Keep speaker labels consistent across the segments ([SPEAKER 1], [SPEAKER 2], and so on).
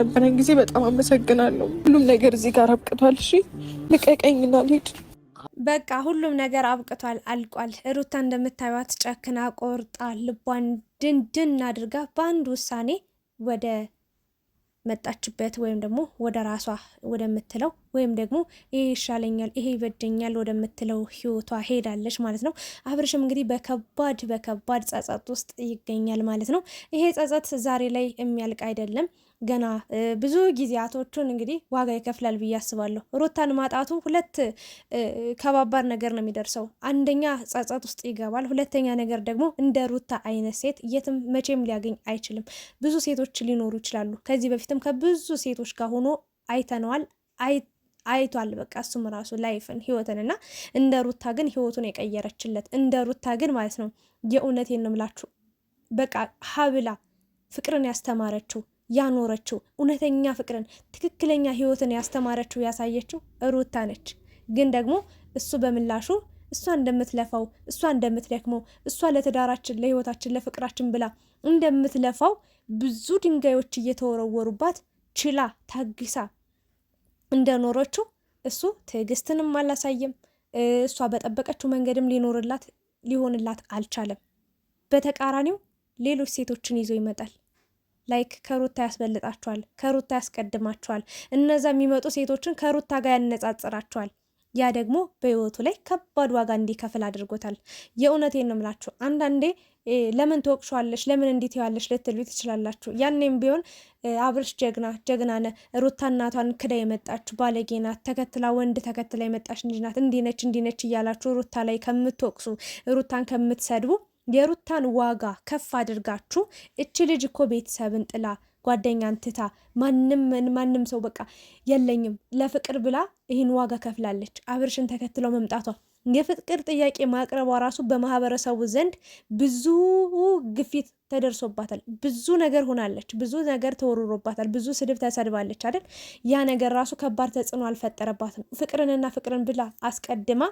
[SPEAKER 1] ነበረን ጊዜ በጣም አመሰግናለሁ። ሁሉም ነገር እዚህ ጋር አብቅቷል። እሺ ልቀቀኝና ልሂድ።
[SPEAKER 2] በቃ ሁሉም ነገር አብቅቷል፣ አልቋል። ሩታ እንደምታዩት ጨክና ቆርጣ ልቧን ድንድን አድርጋ በአንድ ውሳኔ ወደ መጣችበት ወይም ደግሞ ወደ ራሷ ወደምትለው ወይም ደግሞ ይሄ ይሻለኛል፣ ይሄ ይበደኛል ወደምትለው ህይወቷ ሄዳለች ማለት ነው። አብርሽም እንግዲህ በከባድ በከባድ ጸጸት ውስጥ ይገኛል ማለት ነው። ይሄ ጸጸት ዛሬ ላይ የሚያልቅ አይደለም። ገና ብዙ ጊዜያቶቹን እንግዲህ ዋጋ ይከፍላል ብዬ አስባለሁ። ሩታን ማጣቱ ሁለት ከባባድ ነገር ነው የሚደርሰው። አንደኛ ጸጸት ውስጥ ይገባል። ሁለተኛ ነገር ደግሞ እንደ ሩታ አይነት ሴት የትም መቼም ሊያገኝ አይችልም። ብዙ ሴቶች ሊኖሩ ይችላሉ። ከዚህ በፊትም ከብዙ ሴቶች ጋር ሆኖ አይተነዋል። አይ አይቷል። በቃ እሱም ራሱ ላይፍን ህይወትን እና እንደ ሩታ ግን ህይወቱን የቀየረችለት እንደ ሩታ ግን ማለት ነው የእውነት ነው በቃ ሀብላ ፍቅርን ያስተማረችው ያኖረችው እውነተኛ ፍቅርን ትክክለኛ ህይወትን ያስተማረችው ያሳየችው ሩታ ነች። ግን ደግሞ እሱ በምላሹ እሷ እንደምትለፋው እሷ እንደምትደክመው እሷ ለትዳራችን ለህይወታችን ለፍቅራችን ብላ እንደምትለፋው ብዙ ድንጋዮች እየተወረወሩባት ችላ ታግሳ እንደኖረችው እሱ ትዕግስትንም አላሳየም። እሷ በጠበቀችው መንገድም ሊኖርላት ሊሆንላት አልቻለም። በተቃራኒው ሌሎች ሴቶችን ይዞ ይመጣል። ላይክ ከሩታ ያስበልጣቸዋል፣ ከሩታ ያስቀድማቸዋል። እነዛ የሚመጡ ሴቶችን ከሩታ ጋር ያነጻጽራቸዋል። ያ ደግሞ በህይወቱ ላይ ከባድ ዋጋ እንዲከፍል አድርጎታል። የእውነቴን ነው የምላችሁ። አንዳንዴ ለምን ትወቅሸዋለሽ፣ ለምን እንዲት ያለሽ ልትሉ ትችላላችሁ። ያኔም ቢሆን አብርሽ ጀግና ጀግና ነ ሩታ እናቷን ክዳ የመጣችሁ ባለጌ ናት፣ ተከትላ ወንድ ተከትላ የመጣች ልጅ ናት፣ እንዲነች እንዲነች እያላችሁ ሩታ ላይ ከምትወቅሱ ሩታን ከምትሰድቡ የሩታን ዋጋ ከፍ አድርጋችሁ እች ልጅ እኮ ቤተሰብን ጥላ ጓደኛን ትታ ማንም ማንም ሰው በቃ የለኝም ለፍቅር ብላ ይህን ዋጋ ከፍላለች። አብርሽን ተከትሎ መምጣቷ የፍቅር ጥያቄ ማቅረቧ ራሱ በማህበረሰቡ ዘንድ ብዙ ግፊት ተደርሶባታል። ብዙ ነገር ሆናለች። ብዙ ነገር ተወርሮባታል። ብዙ ስድብ ተሰድባለች አይደል? ያ ነገር ራሱ ከባድ ተጽዕኖ አልፈጠረባትም። ፍቅርንና ፍቅርን ብላ አስቀድማ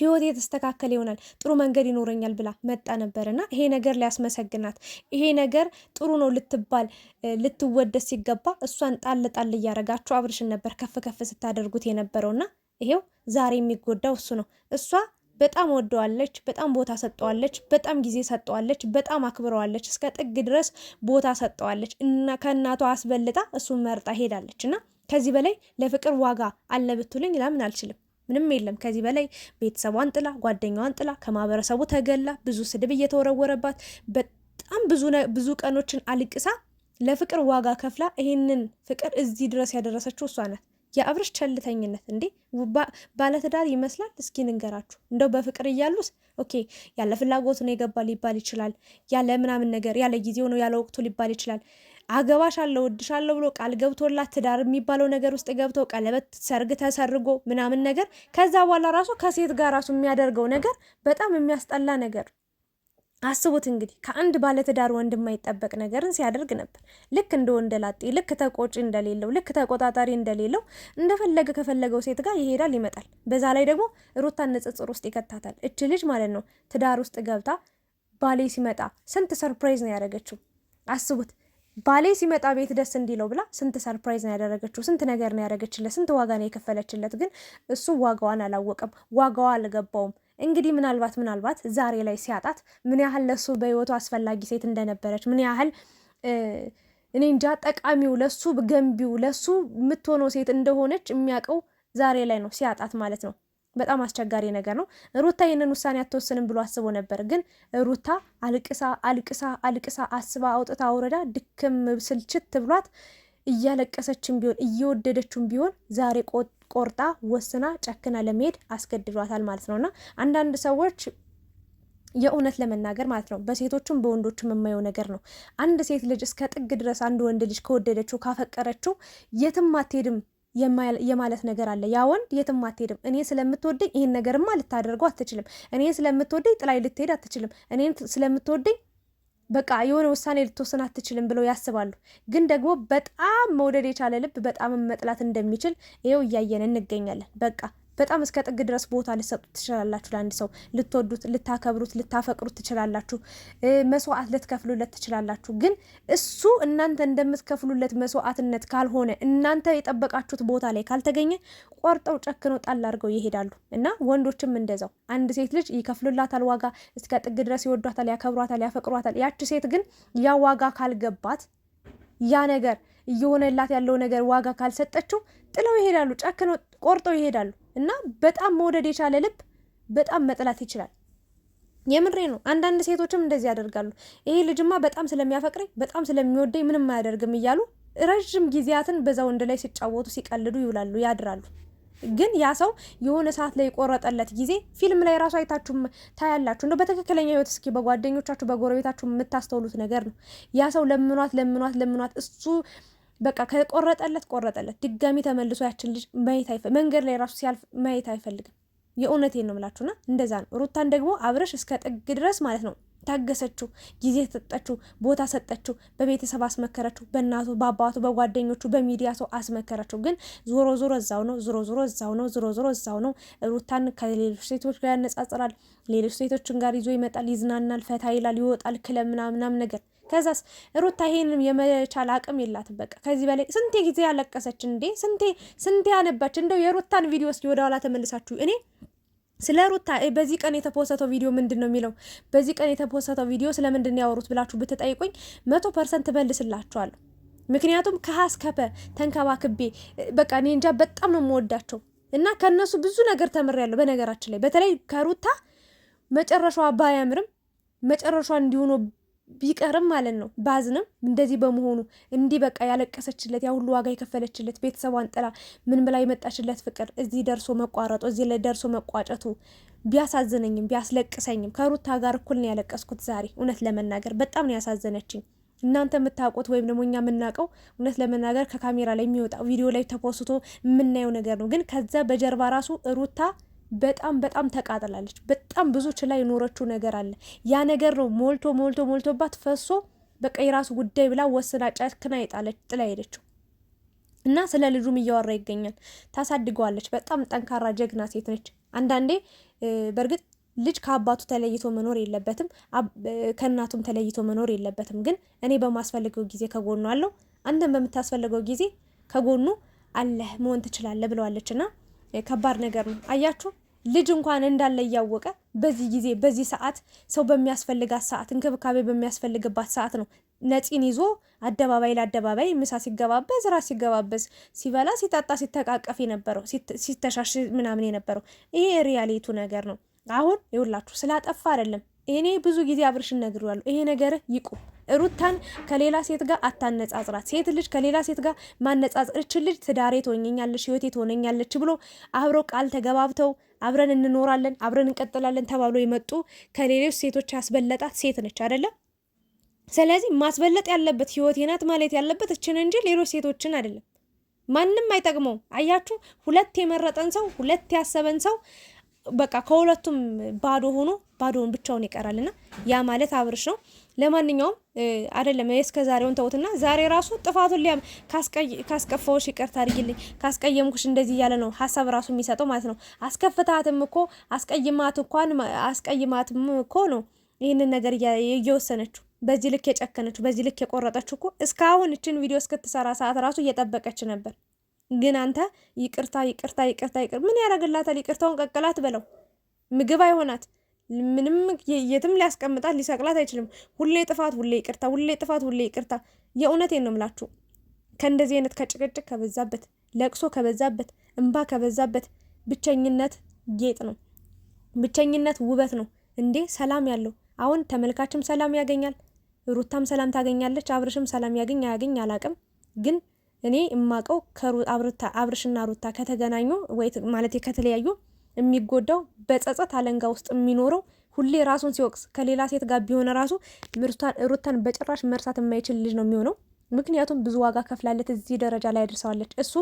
[SPEAKER 2] ህይወት የተስተካከለ ይሆናል፣ ጥሩ መንገድ ይኖረኛል ብላ መጣ ነበር እና ይሄ ነገር ሊያስመሰግናት ይሄ ነገር ጥሩ ነው ልትባል ልትወደስ ሲገባ እሷን ጣል ጣል እያረጋችሁ አብርሽን ነበር ከፍ ከፍ ስታደርጉት የነበረውና ይሄው ዛሬ የሚጎዳው እሱ ነው። እሷ በጣም ወደዋለች፣ በጣም ቦታ ሰጠዋለች፣ በጣም ጊዜ ሰጠዋለች፣ በጣም አክብረዋለች፣ እስከ ጥግ ድረስ ቦታ ሰጠዋለች እና ከእናቷ አስበልጣ እሱን መርጣ ሄዳለች እና ከዚህ በላይ ለፍቅር ዋጋ አለ ብትሉኝ ላምን አልችልም። ምንም የለም። ከዚህ በላይ ቤተሰቧን ጥላ ጓደኛዋን ጥላ ከማህበረሰቡ ተገላ ብዙ ስድብ እየተወረወረባት በጣም ብዙ ቀኖችን አልቅሳ ለፍቅር ዋጋ ከፍላ ይህንን ፍቅር እዚህ ድረስ ያደረሰችው እሷ ናት። የአብርሽ ቸልተኝነት እንዴ ባለትዳር ይመስላል። እስኪ ንገራችሁ እንደው በፍቅር እያሉስ ኦኬ፣ ያለ ፍላጎት ነው የገባ ሊባል ይችላል። ያለ ምናምን ነገር ያለ ጊዜው ነው ያለ ወቅቱ ሊባል ይችላል። ወድሽ እወድሻለሁ ብሎ ቃል ገብቶላት ትዳር የሚባለው ነገር ውስጥ ገብቶ ቀለበት፣ ሰርግ ተሰርጎ ምናምን ነገር ከዛ በኋላ ራሱ ከሴት ጋር ራሱ የሚያደርገው ነገር በጣም የሚያስጠላ ነገር አስቡት እንግዲህ ከአንድ ባለትዳር ወንድ የማይጠበቅ ነገርን ሲያደርግ ነበር። ልክ እንደ ወንደላጤ፣ ልክ ተቆጪ እንደሌለው፣ ልክ ተቆጣጣሪ እንደሌለው እንደፈለገ ከፈለገው ሴት ጋር ይሄዳል ይመጣል። በዛ ላይ ደግሞ ሩታን ንጽጽር ውስጥ ይከታታል። እች ልጅ ማለት ነው ትዳር ውስጥ ገብታ ባሌ ሲመጣ ስንት ሰርፕራይዝ ነው ያደረገችው። አስቡት ባሌ ሲመጣ ቤት ደስ እንዲለው ብላ ስንት ሰርፕራይዝ ነው ያደረገችው፣ ስንት ነገር ነው ያደረገችለት፣ ስንት ዋጋ ነው የከፈለችለት። ግን እሱ ዋጋዋን አላወቀም፣ ዋጋዋ አልገባውም። እንግዲህ ምናልባት ምናልባት ዛሬ ላይ ሲያጣት ምን ያህል ለሱ በህይወቱ አስፈላጊ ሴት እንደነበረች ምን ያህል እኔ እንጃ ጠቃሚው ለሱ ገንቢው ለሱ የምትሆነው ሴት እንደሆነች የሚያውቀው ዛሬ ላይ ነው ሲያጣት ማለት ነው። በጣም አስቸጋሪ ነገር ነው። ሩታ ይህንን ውሳኔ አትወስንም ብሎ አስቦ ነበር። ግን ሩታ አልቅሳ አልቅሳ አልቅሳ አስባ አውጥታ አውረዳ ድክም ስልችት ብሏት እያለቀሰችም ቢሆን እየወደደችም ቢሆን ዛሬ ቆርጣ ወስና ጨክና ለመሄድ አስገድዷታል ማለት ነው እና አንዳንድ ሰዎች የእውነት ለመናገር ማለት ነው በሴቶችም በወንዶችም የማየው ነገር ነው። አንድ ሴት ልጅ እስከ ጥግ ድረስ አንድ ወንድ ልጅ ከወደደችው ካፈቀረችው የትም አትሄድም። የማለት ነገር አለ። ያ ወንድ የትም አትሄድም፣ እኔ ስለምትወደኝ ይህን ነገርማ ልታደርገው አትችልም፣ እኔ ስለምትወደኝ ጥላይ ልትሄድ አትችልም፣ እኔ ስለምትወደኝ በቃ የሆነ ውሳኔ ልትወስን አትችልም ብለው ያስባሉ። ግን ደግሞ በጣም መውደድ የቻለ ልብ በጣም መጥላት እንደሚችል ይኸው እያየን እንገኛለን። በቃ በጣም እስከ ጥግ ድረስ ቦታ ልሰጡት ትችላላችሁ። ለአንድ ሰው ልትወዱት፣ ልታከብሩት፣ ልታፈቅሩት ትችላላችሁ። መስዋዕት ልትከፍሉለት ትችላላችሁ። ግን እሱ እናንተ እንደምትከፍሉለት መስዋዕትነት ካልሆነ እናንተ የጠበቃችሁት ቦታ ላይ ካልተገኘ ቆርጠው ጨክነው ጣል አድርገው ይሄዳሉ እና ወንዶችም እንደዛው አንድ ሴት ልጅ ይከፍሉላታል ዋጋ፣ እስከ ጥግ ድረስ ይወዷታል፣ ያከብሯታል፣ ያፈቅሯታል። ያቺ ሴት ግን ያ ዋጋ ካልገባት ያ ነገር እየሆነላት ያለው ነገር ዋጋ ካልሰጠችው ጥለው ይሄዳሉ፣ ጨክነው ቆርጠው ይሄዳሉ። እና በጣም መውደድ የቻለ ልብ በጣም መጥላት ይችላል። የምሬ ነው። አንዳንድ ሴቶችም እንደዚህ ያደርጋሉ። ይሄ ልጅማ በጣም ስለሚያፈቅረኝ በጣም ስለሚወደኝ ምንም አያደርግም እያሉ ረዥም ጊዜያትን በዛ ወንድ ላይ ሲጫወቱ ሲቀልዱ ይውላሉ፣ ያድራሉ። ግን ያ ሰው የሆነ ሰዓት ላይ የቆረጠለት ጊዜ ፊልም ላይ ራሱ አይታችሁም ታያላችሁ። እንደ በትክክለኛ ህይወት እስኪ በጓደኞቻችሁ በጎረቤታችሁ የምታስተውሉት ነገር ነው። ያ ሰው ለምኗት ለምኗት ለምኗት እሱ በቃ ከቆረጠለት ቆረጠለት። ድጋሚ ተመልሶ ያችን ልጅ ማየት አይፈ መንገድ ላይ ራሱ ሲያልፍ ማየት አይፈልግም። የእውነቴን ነው ምላችሁና እንደዛ ነው። ሩታን ደግሞ አብረሽ እስከ ጥግ ድረስ ማለት ነው ታገሰችው፣ ጊዜ ሰጠችው፣ ቦታ ሰጠችው፣ በቤተሰብ አስመከረችው፣ በእናቱ በአባቱ በጓደኞቹ በሚዲያ ሰው አስመከረችው። ግን ዞሮ ዞሮ እዛው ነው፣ ዞሮ ዞሮ እዛው ነው፣ ዞሮ ዞሮ እዛው ነው። ሩታን ከሌሎች ሴቶች ጋር ያነጻጽራል፣ ሌሎች ሴቶችን ጋር ይዞ ይመጣል፣ ይዝናናል፣ ፈታ ይላል፣ ይወጣል፣ ክለብ ምናምናም ነገር ከዛስ ሩታ ይሄንም የመቻል አቅም የላትም። በቃ ከዚህ በላይ ስንቴ ጊዜ ያለቀሰች እንዴ! ስንቴ ስንቴ ያነባች። እንደው የሩታን ቪዲዮ እስኪ ወደ ኋላ ተመልሳችሁ እኔ ስለ ሩታ በዚህ ቀን የተፖሰተው ቪዲዮ ምንድን ነው የሚለው በዚህ ቀን የተፖሰተው ቪዲዮ ስለምንድን ነው ያወሩት ብላችሁ ብትጠይቁኝ መቶ ፐርሰንት እመልስላችኋለሁ። ምክንያቱም ከሀስ ከፈ ተንከባክቤ በቃ እኔ እንጃ በጣም ነው የምወዳቸው እና ከእነሱ ብዙ ነገር ተምሬያለሁ። በነገራችን ላይ በተለይ ከሩታ መጨረሻዋ ባያምርም መጨረሻ እንዲሆኖ ቢቀርም ማለት ነው ባዝንም እንደዚህ በመሆኑ እንዲህ በቃ ያለቀሰችለት ያ ሁሉ ዋጋ የከፈለችለት ቤተሰቧን ጥላ ምን ብላ የመጣችለት ፍቅር እዚህ ደርሶ መቋረጡ እዚህ ላይ ደርሶ መቋጨቱ ቢያሳዝነኝም ቢያስለቅሰኝም ከሩታ ጋር እኩል ነው ያለቀስኩት ዛሬ እውነት ለመናገር በጣም ነው ያሳዘነችኝ። እናንተ የምታውቁት ወይም ደግሞ እኛ የምናውቀው እውነት ለመናገር ከካሜራ ላይ የሚወጣ ቪዲዮ ላይ ተፖስቶ የምናየው ነገር ነው። ግን ከዛ በጀርባ ራሱ ሩታ በጣም በጣም ተቃጥላለች። በጣም ብዙ ችላ የኖረችው ነገር አለ። ያ ነገር ነው ሞልቶ ሞልቶ ሞልቶባት ፈሶ በቃ የራሱ ጉዳይ ብላ ወስና ጨክና የጣለች ጥላ ሄደችው እና ስለ ልጁም እያወራ ይገኛል። ታሳድገዋለች። በጣም ጠንካራ ጀግና ሴት ነች። አንዳንዴ በእርግጥ ልጅ ከአባቱ ተለይቶ መኖር የለበትም፣ ከእናቱም ተለይቶ መኖር የለበትም። ግን እኔ በማስፈልገው ጊዜ ከጎኑ አለው፣ አንተም በምታስፈልገው ጊዜ ከጎኑ አለህ መሆን ትችላለህ ብለዋለች እና ከባድ ነገር ነው አያችሁ። ልጅ እንኳን እንዳለ እያወቀ በዚህ ጊዜ በዚህ ሰዓት ሰው በሚያስፈልጋት ሰዓት እንክብካቤ በሚያስፈልግባት ሰዓት ነው ነፂን ይዞ አደባባይ ለአደባባይ ምሳ ሲገባበዝ ራት ሲገባበዝ ሲበላ ሲጠጣ ሲተቃቀፍ የነበረው ሲተሻሽ ምናምን የነበረው ይሄ ሪያሊቱ ነገር ነው። አሁን ይውላችሁ ስላጠፋ አይደለም። እኔ ብዙ ጊዜ አብርሽን ነግሬዋለሁ። ይሄ ነገር ይቁም። ሩታን ከሌላ ሴት ጋር አታነጻጽራት። ሴት ልጅ ከሌላ ሴት ጋር ማነጻጽር፣ እች ልጅ ትዳሬ ትሆነኛለች፣ ህይወቴ ትሆነኛለች ብሎ አብረው ቃል ተገባብተው አብረን እንኖራለን፣ አብረን እንቀጥላለን ተባብሎ የመጡ ከሌሎች ሴቶች ያስበለጣት ሴት ነች አይደለም። ስለዚህ ማስበለጥ ያለበት ህይወቴ ናት ማለት ያለበት እችን እንጂ ሌሎች ሴቶችን አይደለም። ማንም አይጠቅመውም። አያችሁ፣ ሁለት የመረጠን ሰው ሁለት ያሰበን ሰው በቃ ከሁለቱም ባዶ ሆኖ ባዶውን ብቻውን ይቀራልና ያ ማለት አብርሽ ነው። ለማንኛውም አይደለም እስከ ዛሬውን ተውትና፣ ዛሬ ራሱ ጥፋቱን ሊያም ካስቀፈውሽ ይቅርታ አድርጊልኝ፣ ካስቀየምኩሽ እንደዚህ እያለ ነው ሀሳብ ራሱ የሚሰጠው ማለት ነው። አስከፍታትም እኮ አስቀይማት እንኳን አስቀይማትም እኮ ነው ይህንን ነገር እየወሰነችው በዚህ ልክ የጨከነችው በዚህ ልክ የቆረጠችው እኮ እስካሁን እችን ቪዲዮ እስክትሰራ ሰዓት ራሱ እየጠበቀች ነበር። ግን አንተ ይቅርታ ይቅርታ ይቅርታ ይቅር ምን ያደርግላታል? ይቅርታውን ቀቅላት በለው ምግብ አይሆናት ምንም የትም ሊያስቀምጣት ሊሰቅላት አይችልም። ሁሌ ጥፋት፣ ሁሌ ይቅርታ፣ ሁሌ ጥፋት፣ ሁሌ ይቅርታ። የእውነቴን ነው ምላችሁ ከእንደዚህ አይነት ከጭቅጭቅ ከበዛበት፣ ለቅሶ ከበዛበት፣ እንባ ከበዛበት ብቸኝነት ጌጥ ነው። ብቸኝነት ውበት ነው እንዴ! ሰላም ያለው አሁን ተመልካችም ሰላም ያገኛል፣ ሩታም ሰላም ታገኛለች፣ አብርሽም ሰላም ያገኝ አያገኝ አላቅም። ግን እኔ የማውቀው አብርሽና ሩታ ከተገናኙ ወይ ማለት ከተለያዩ የሚጎዳው በጸጸት አለንጋ ውስጥ የሚኖረው ሁሌ ራሱን ሲወቅስ ከሌላ ሴት ጋር ቢሆን ራሱ ሩታን በጭራሽ መርሳት የማይችል ልጅ ነው የሚሆነው። ምክንያቱም ብዙ ዋጋ ከፍላለት እዚህ ደረጃ ላይ አድርሰዋለች። እሱ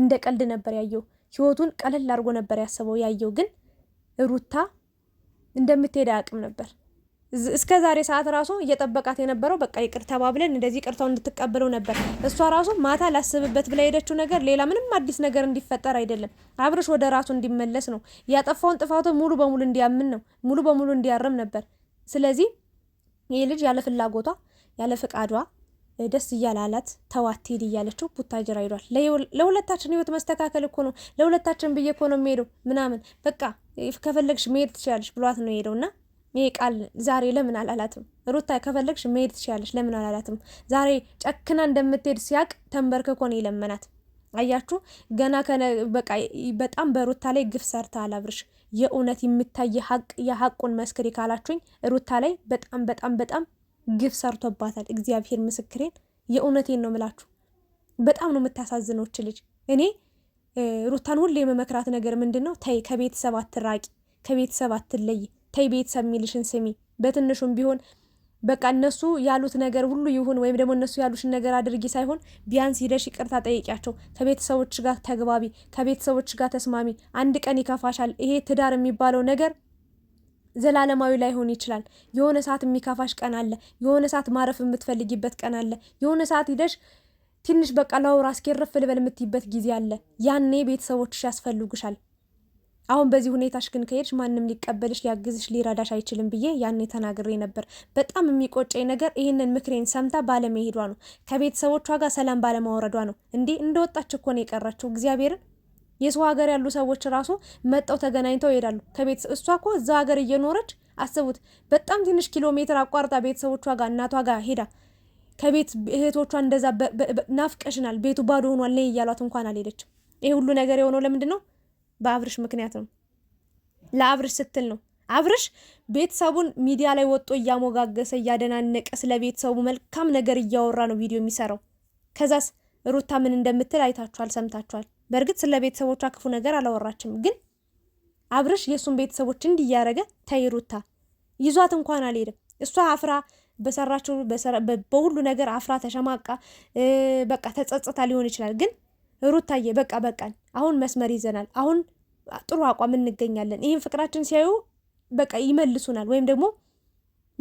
[SPEAKER 2] እንደ ቀልድ ነበር ያየው፣ ህይወቱን ቀለል አድርጎ ነበር ያሰበው ያየው። ግን ሩታ እንደምትሄድ አያውቅም ነበር። እስከ ዛሬ ሰዓት ራሱ እየጠበቃት የነበረው በቃ ይቅር ተባብለን እንደዚህ ይቅርታው እንድትቀበለው ነበር። እሷ ራሱ ማታ ላስብበት ብላ ሄደችው ነገር ሌላ ምንም አዲስ ነገር እንዲፈጠር አይደለም። አብርሽ ወደ ራሱ እንዲመለስ ነው ያጠፋውን ጥፋቱ ሙሉ በሙሉ እንዲያምን ነው ሙሉ በሙሉ እንዲያርም ነበር። ስለዚህ ይህ ልጅ ያለ ፍላጎቷ ያለ ፍቃዷ ደስ እያላላት ተዋት ሄድ እያለችው ቡታጅራ ሄዷል። ለሁለታችን ህይወት መስተካከል እኮ ነው ለሁለታችን ብዬ እኮ ነው የሚሄደው ምናምን በቃ ከፈለግሽ መሄድ ትችላለች ብሏት ነው የሄደውና ይሄ ቃል ዛሬ ለምን አላላትም? ሩታ ከፈለግሽ መሄድ ትችላለች፣ ለምን አላላትም? ዛሬ ጨክና እንደምትሄድ ሲያቅ ተንበርክኮ ነው የለመናት። አያችሁ ገና በቃ በጣም በሩታ ላይ ግፍ ሰርታ አላብርሽ የእውነት የምታይ ሀቅ የሀቁን መስክሪ ካላችሁኝ ሩታ ላይ በጣም በጣም በጣም ግፍ ሰርቶባታል። እግዚአብሔር ምስክሬን የእውነቴን ነው ምላችሁ። በጣም ነው የምታሳዝነው ልጅ። እኔ ሩታን ሁሌ የመመክራት ነገር ምንድን ነው? ተይ ከቤተሰብ አትራቂ፣ ከቤተሰብ አትለይ ተይ ቤተሰብ የሚልሽን ስሚ። በትንሹም ቢሆን በቃ እነሱ ያሉት ነገር ሁሉ ይሁን ወይም ደግሞ እነሱ ያሉሽን ነገር አድርጊ ሳይሆን ቢያንስ ሂደሽ ይቅርታ ጠይቂያቸው። ከቤተሰቦች ጋር ተግባቢ፣ ከቤተሰቦች ጋር ተስማሚ። አንድ ቀን ይከፋሻል። ይሄ ትዳር የሚባለው ነገር ዘላለማዊ ላይሆን ይችላል። የሆነ ሰዓት የሚከፋሽ ቀን አለ። የሆነ ሰዓት ማረፍ የምትፈልጊበት ቀን አለ። የሆነ ሰዓት ሂደሽ ትንሽ በቃ ላውራ እስኪ ልበል የምትይበት ጊዜ አለ። ያኔ ቤተሰቦችሽ ያስፈልጉሻል። አሁን በዚህ ሁኔታሽ ግን ከሄድሽ ማንም ሊቀበልሽ ሊያግዝሽ ሊረዳሽ አይችልም ብዬ ያኔ ተናግሬ ነበር። በጣም የሚቆጨኝ ነገር ይህንን ምክሬን ሰምታ ባለመሄዷ ነው። ከቤተሰቦቿ ጋር ሰላም ባለማውረዷ ነው። እንዴ እንደወጣች እኮ ነው የቀረችው። እግዚአብሔርን የሰው ሀገር ያሉ ሰዎች ራሱ መጠው ተገናኝተው ይሄዳሉ። ከቤተሰብ እሷ እኮ እዛ ሀገር እየኖረች አስቡት፣ በጣም ትንሽ ኪሎ ሜትር አቋርጣ ቤተሰቦቿ ጋር እናቷ ጋር ሄዳ ከቤት እህቶቿ እንደዛ ናፍቀሽናል፣ ቤቱ ባዶ ሆኗል ነይ እያሏት እንኳን አልሄደችም። ይሄ ሁሉ ነገር የሆነው ለምንድን ነው? በአብርሽ ምክንያት ነው። ለአብርሽ ስትል ነው። አብርሽ ቤተሰቡን ሚዲያ ላይ ወጦ እያሞጋገሰ እያደናነቀ ስለ ቤተሰቡ መልካም ነገር እያወራ ነው ቪዲዮ የሚሰራው። ከዛስ ሩታ ምን እንደምትል አይታችኋል፣ ሰምታችኋል። በእርግጥ ስለ ቤተሰቦቿ ክፉ ነገር አላወራችም፣ ግን አብርሽ የእሱን ቤተሰቦች እንዲህ እያደረገ ተይ ሩታ ይዟት እንኳን አልሄድም። እሷ አፍራ በሰራችው በሁሉ ነገር አፍራ ተሸማቃ በቃ ተጸጽታ ሊሆን ይችላል ግን ሩታዬ በቃ በቃን፣ አሁን መስመር ይዘናል፣ አሁን ጥሩ አቋም እንገኛለን። ይህን ፍቅራችን ሲያዩ በቃ ይመልሱናል ወይም ደግሞ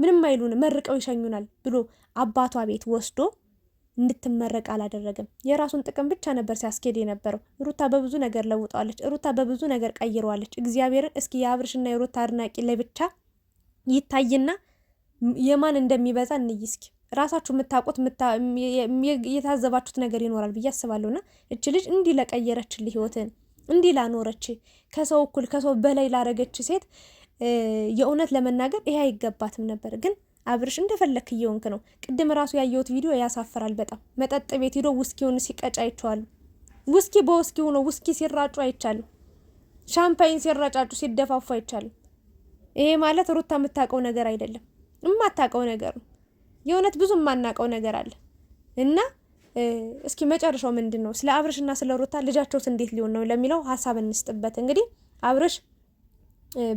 [SPEAKER 2] ምንም አይሉን መርቀው ይሸኙናል ብሎ አባቷ ቤት ወስዶ እንድትመረቅ አላደረግም። የራሱን ጥቅም ብቻ ነበር ሲያስኬድ የነበረው። ሩታ በብዙ ነገር ለውጠዋለች። ሩታ በብዙ ነገር ቀይረዋለች። እግዚአብሔርን እስኪ የአብርሽና የሩታ አድናቂ ለብቻ ይታይና የማን እንደሚበዛ እንይ እስኪ። ራሳችሁ የምታውቁት የታዘባችሁት ነገር ይኖራል ብዬ አስባለሁና እች ልጅ እንዲህ ለቀየረችል ህይወትን እንዲህ ላኖረች ከሰው እኩል ከሰው በላይ ላረገች ሴት የእውነት ለመናገር ይሄ አይገባትም ነበር። ግን አብርሽ እንደፈለክ እየወንክ ነው። ቅድም ራሱ ያየሁት ቪዲዮ ያሳፈራል በጣም መጠጥ ቤት ሂዶ ውስኪውን ሲቀጭ አይቼዋለሁ። ውስኪ በውስኪ ሆኖ ውስኪ ሲራጩ አይቻልም። ሻምፓይን ሲራጫጩ ሲደፋፉ አይቻልም። ይሄ ማለት ሩታ የምታውቀው ነገር አይደለም፣ የማታውቀው ነገር ነው። የእውነት ብዙ የማናውቀው ነገር አለ እና እስኪ መጨረሻው ምንድን ነው? ስለ አብርሽና ስለ ሩታ ልጃቸውስ እንዴት ሊሆን ነው ለሚለው ሀሳብ እንስጥበት። እንግዲህ አብርሽ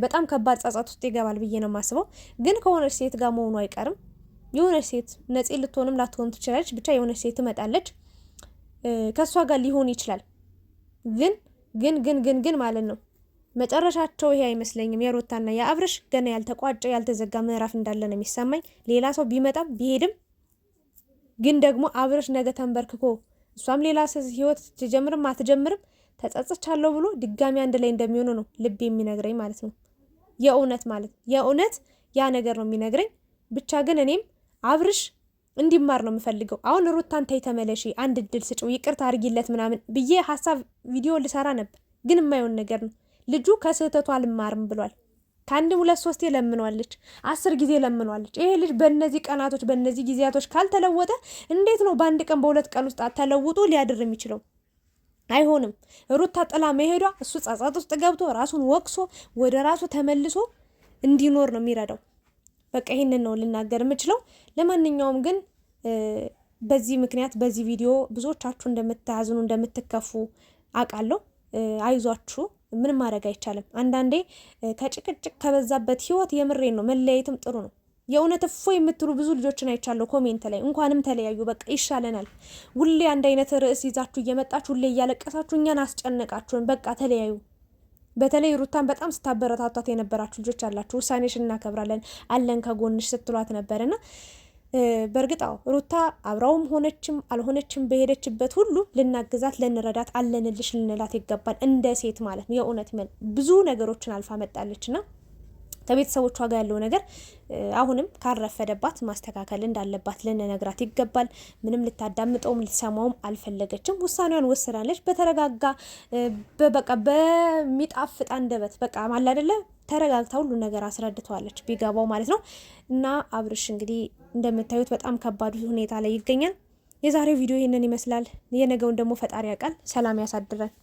[SPEAKER 2] በጣም ከባድ ጸጸት ውስጥ ይገባል ብዬ ነው የማስበው። ግን ከሆነች ሴት ጋር መሆኑ አይቀርም። የሆነች ሴት ነፂ ልትሆንም ላትሆን ትችላለች። ብቻ የሆነች ሴት ትመጣለች፣ ከእሷ ጋር ሊሆን ይችላል። ግን ግን ግን ግን ግን ማለት ነው መጨረሻቸው ይሄ አይመስለኝም። የሩታና የአብርሽ ገና ያልተቋጨ ያልተዘጋ ምዕራፍ እንዳለ ነው የሚሰማኝ። ሌላ ሰው ቢመጣም ቢሄድም ግን ደግሞ አብርሽ ነገ ተንበርክኮ እሷም ሌላ ህይወት ትጀምርም አትጀምርም ተጸጽቻለሁ ብሎ ድጋሚ አንድ ላይ እንደሚሆኑ ነው ልብ የሚነግረኝ ማለት ነው። የእውነት ማለት የእውነት ያ ነገር ነው የሚነግረኝ። ብቻ ግን እኔም አብርሽ እንዲማር ነው የምፈልገው። አሁን ሩታን ተይ ተመለሺ፣ አንድ እድል ስጭው፣ ይቅርታ አርጊለት ምናምን ብዬ ሀሳብ ቪዲዮ ልሰራ ነበር፣ ግን የማይሆን ነገር ነው። ልጁ ከስህተቱ አልማርም ብሏል። ከአንድም ሁለት ሶስቴ ለምኗለች፣ አስር ጊዜ ለምኗለች። ይሄ ልጅ በእነዚህ ቀናቶች በእነዚህ ጊዜያቶች ካልተለወጠ እንዴት ነው በአንድ ቀን በሁለት ቀን ውስጥ ተለውጦ ሊያድር የሚችለው? አይሆንም። ሩታ ጥላ መሄዷ እሱ ጸጸት ውስጥ ገብቶ ራሱን ወቅሶ ወደ ራሱ ተመልሶ እንዲኖር ነው የሚረዳው። በቃ ይህንን ነው ልናገር የምችለው። ለማንኛውም ግን በዚህ ምክንያት በዚህ ቪዲዮ ብዙዎቻችሁ እንደምታዝኑ እንደምትከፉ አውቃለሁ። አይዟችሁ። ምን ማድረግ አይቻልም። አንዳንዴ ከጭቅጭቅ ከበዛበት ህይወት የምሬን ነው መለያየትም ጥሩ ነው። የእውነት እፎ የምትሉ ብዙ ልጆችን አይቻለሁ ኮሜንት ላይ እንኳንም ተለያዩ በቃ ይሻለናል። ሁሌ አንድ አይነት ርዕስ ይዛችሁ እየመጣችሁ ሁሌ እያለቀሳችሁ እኛን አስጨነቃችሁን፣ በቃ ተለያዩ። በተለይ ሩታን በጣም ስታበረታቷት የነበራችሁ ልጆች አላችሁ። ውሳኔሽ እናከብራለን አለን ከጎንሽ ስትሏት ነበርና በእርግጣው ሩታ አብራውም ሆነችም አልሆነችም በሄደችበት ሁሉ ልናግዛት፣ ልንረዳት፣ አለንልሽ ልንላት ይገባል። እንደ ሴት ማለት ነው። የእውነት ብዙ ነገሮችን አልፋ መጣለችና ከቤተሰቦቿ ጋር ያለው ነገር አሁንም ካረፈደባት ማስተካከል እንዳለባት ልንነግራት ይገባል። ምንም ልታዳምጠውም ልትሰማውም አልፈለገችም። ውሳኔዋን ወስናለች። በተረጋጋ በበቃ በሚጣፍጥ አንደበት በቃ አላደለ ተረጋግታ ሁሉ ነገር አስረድተዋለች፣ ቢገባው ማለት ነው። እና አብርሽ እንግዲህ እንደምታዩት በጣም ከባዱ ሁኔታ ላይ ይገኛል። የዛሬው ቪዲዮ ይህንን ይመስላል። የነገውን ደግሞ ፈጣሪ ያውቃል። ሰላም ያሳድረን።